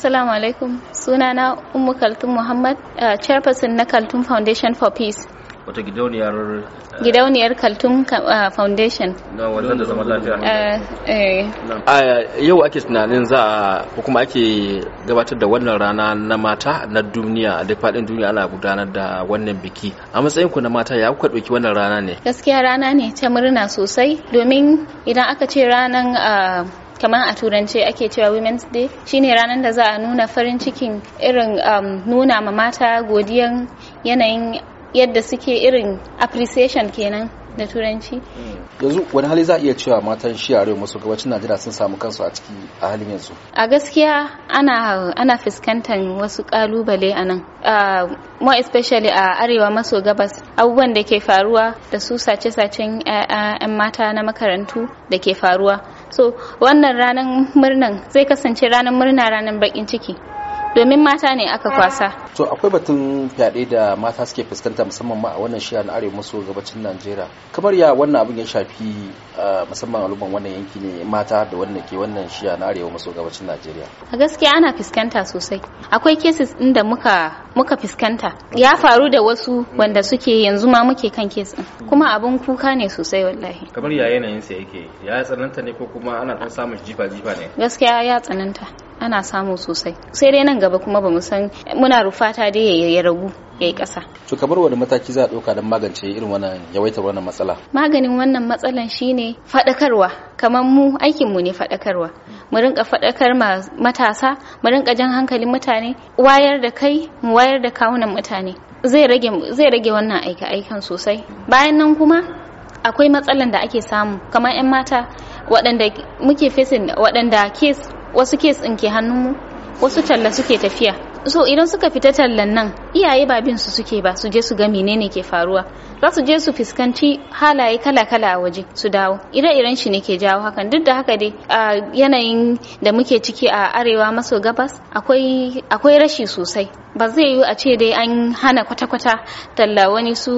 Assalamu alaikum. Sunana Ummu Kaltun Muhammad, uh, chairperson na Kaltun Foundation for Peace. Wata gidauniyar uh, gidauniyar Kaltun uh, Foundation. Na wannan da zama lafiya. Uh, eh. yau ake tunanin za a hukuma kuma ake gabatar da wannan rana na mata na duniya a duk faɗin duniya ana gudanar da wannan biki. A matsayin ku na mata ya kuka ɗauki wannan rana ne? Gaskiya rana ne ta murna sosai domin idan aka ce ranan kamar a turance ake cewa women's day shine ranar da za a nuna farin cikin irin um, nuna ma mata godiyan yanayin yadda suke irin appreciation kenan da turanci hmm. yanzu wani hali za a iya cewa matan shi a masu gabacin najeriya sun samu kansu a ciki a halin yanzu a gaskiya ana ana fuskantar wasu kalubale a nan more especially a arewa maso gabas abubuwan da ke faruwa da su sace-sacen 'yan mata na makarantu da ke faruwa so wannan ranar murnan zai kasance ranar murna ranar bakin ciki domin mata ne aka kwasa. To akwai batun fyaɗe da mata suke fuskanta musamman ma a wannan shiya na arewa maso gabacin Najeriya. Kamar ya wannan abin ya shafi musamman al'umman wannan yanki ne mata da wannan ke wannan shiya na arewa maso gabacin Najeriya. A gaskiya ana fuskanta sosai. Akwai cases inda da muka muka fuskanta. Ya faru da wasu wanda suke yanzu ma muke kan kes ɗin. Kuma abin kuka ne sosai wallahi. Kamar ya yanayin sa yake ya tsananta ne ko kuma ana ɗan samun jifa jifa ne. Gaskiya ya tsananta. ana samu sosai sai dai nan gaba kuma ba mu san muna rufata dai ya ragu ya yi ƙasa. To kamar wani mataki za a ɗauka don magance irin wannan yawaitar wannan matsala? Maganin wannan matsalan shine faɗakarwa kamar mu aikinmu ne faɗakarwa. Mu rinka faɗakar matasa, mu rinka jan hankalin mutane, wayar da kai, mu wayar da kawunan mutane. Zai rage wannan aika-aikan sosai. Bayan nan kuma akwai matsalan da ake samu kamar 'yan mata waɗanda muke fesin waɗanda kes wasu kes ɗin ke hannunmu wasu talla suke tafiya so idan suka fita tallan nan iyaye ba bin su suke ba su je su ga menene ke faruwa za su je su fuskanci halaye kala-kala a waje su dawo ire-iren shi ne ke jawo hakan duk da haka dai a yanayin da muke ciki a arewa maso gabas akwai rashi sosai ba zai yiwu a ce dai an hana kwata-kwata talla wani su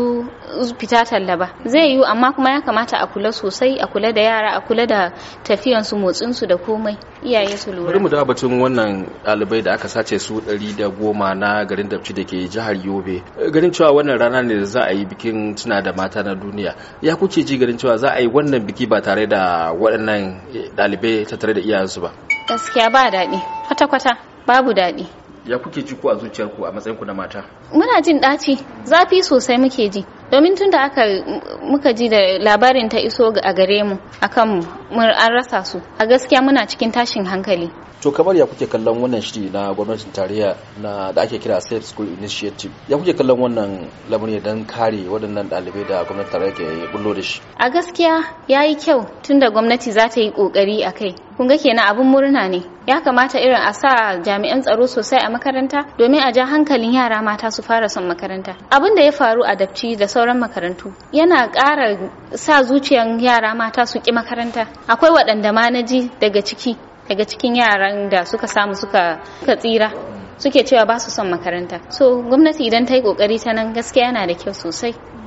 fita talla ba zai yiwu amma kuma ya kamata a kula sosai a kula da yara a kula da tafiyansu motsinsu da komai iyaye su lura bari mu da batun wannan ɗalibai da aka sace su ɗari da goma na garin dabci da ke jihar yobe ganin cewa wannan rana ne da za a yi bikin tuna da mata na duniya ya kuke ji ganin cewa za a yi wannan biki ba tare da waɗannan eh, ɗalibai tare da iyayensu ba gaskiya ba daɗi kwata-kwata babu daɗi ya kuke ji ko a zuciyarku a matsayinku na mata muna jin ɗaci zafi sosai muke ji domin tun da aka muka ji da labarin ta iso a gare mu a akan an rasa su a gaskiya muna cikin tashin hankali to kamar ya kuke kallon wannan shiri na gwamnatin tarayya na da ake kira safe school initiative ya kuke kallon wannan lamuri don kare waɗannan ɗalibai da gwamnatin tarayya ke bullo da shi a gaskiya ya yi kyau tunda gwamnati za ta yi ƙoƙari a kai kun ga kenan abin murna ne ya kamata irin a sa jami'an tsaro sosai a makaranta domin a ja hankalin yara mata su fara son makaranta abin da ya faru a dabci da sauran makarantu yana ƙara sa zuciyan yara mata su ƙi makaranta akwai waɗanda ma na ji daga ciki daga cikin yaran da suka samu suka tsira suke cewa ba su son makaranta so gwamnati idan ta yi ƙoƙari ta nan gaskiya yana da kyau sosai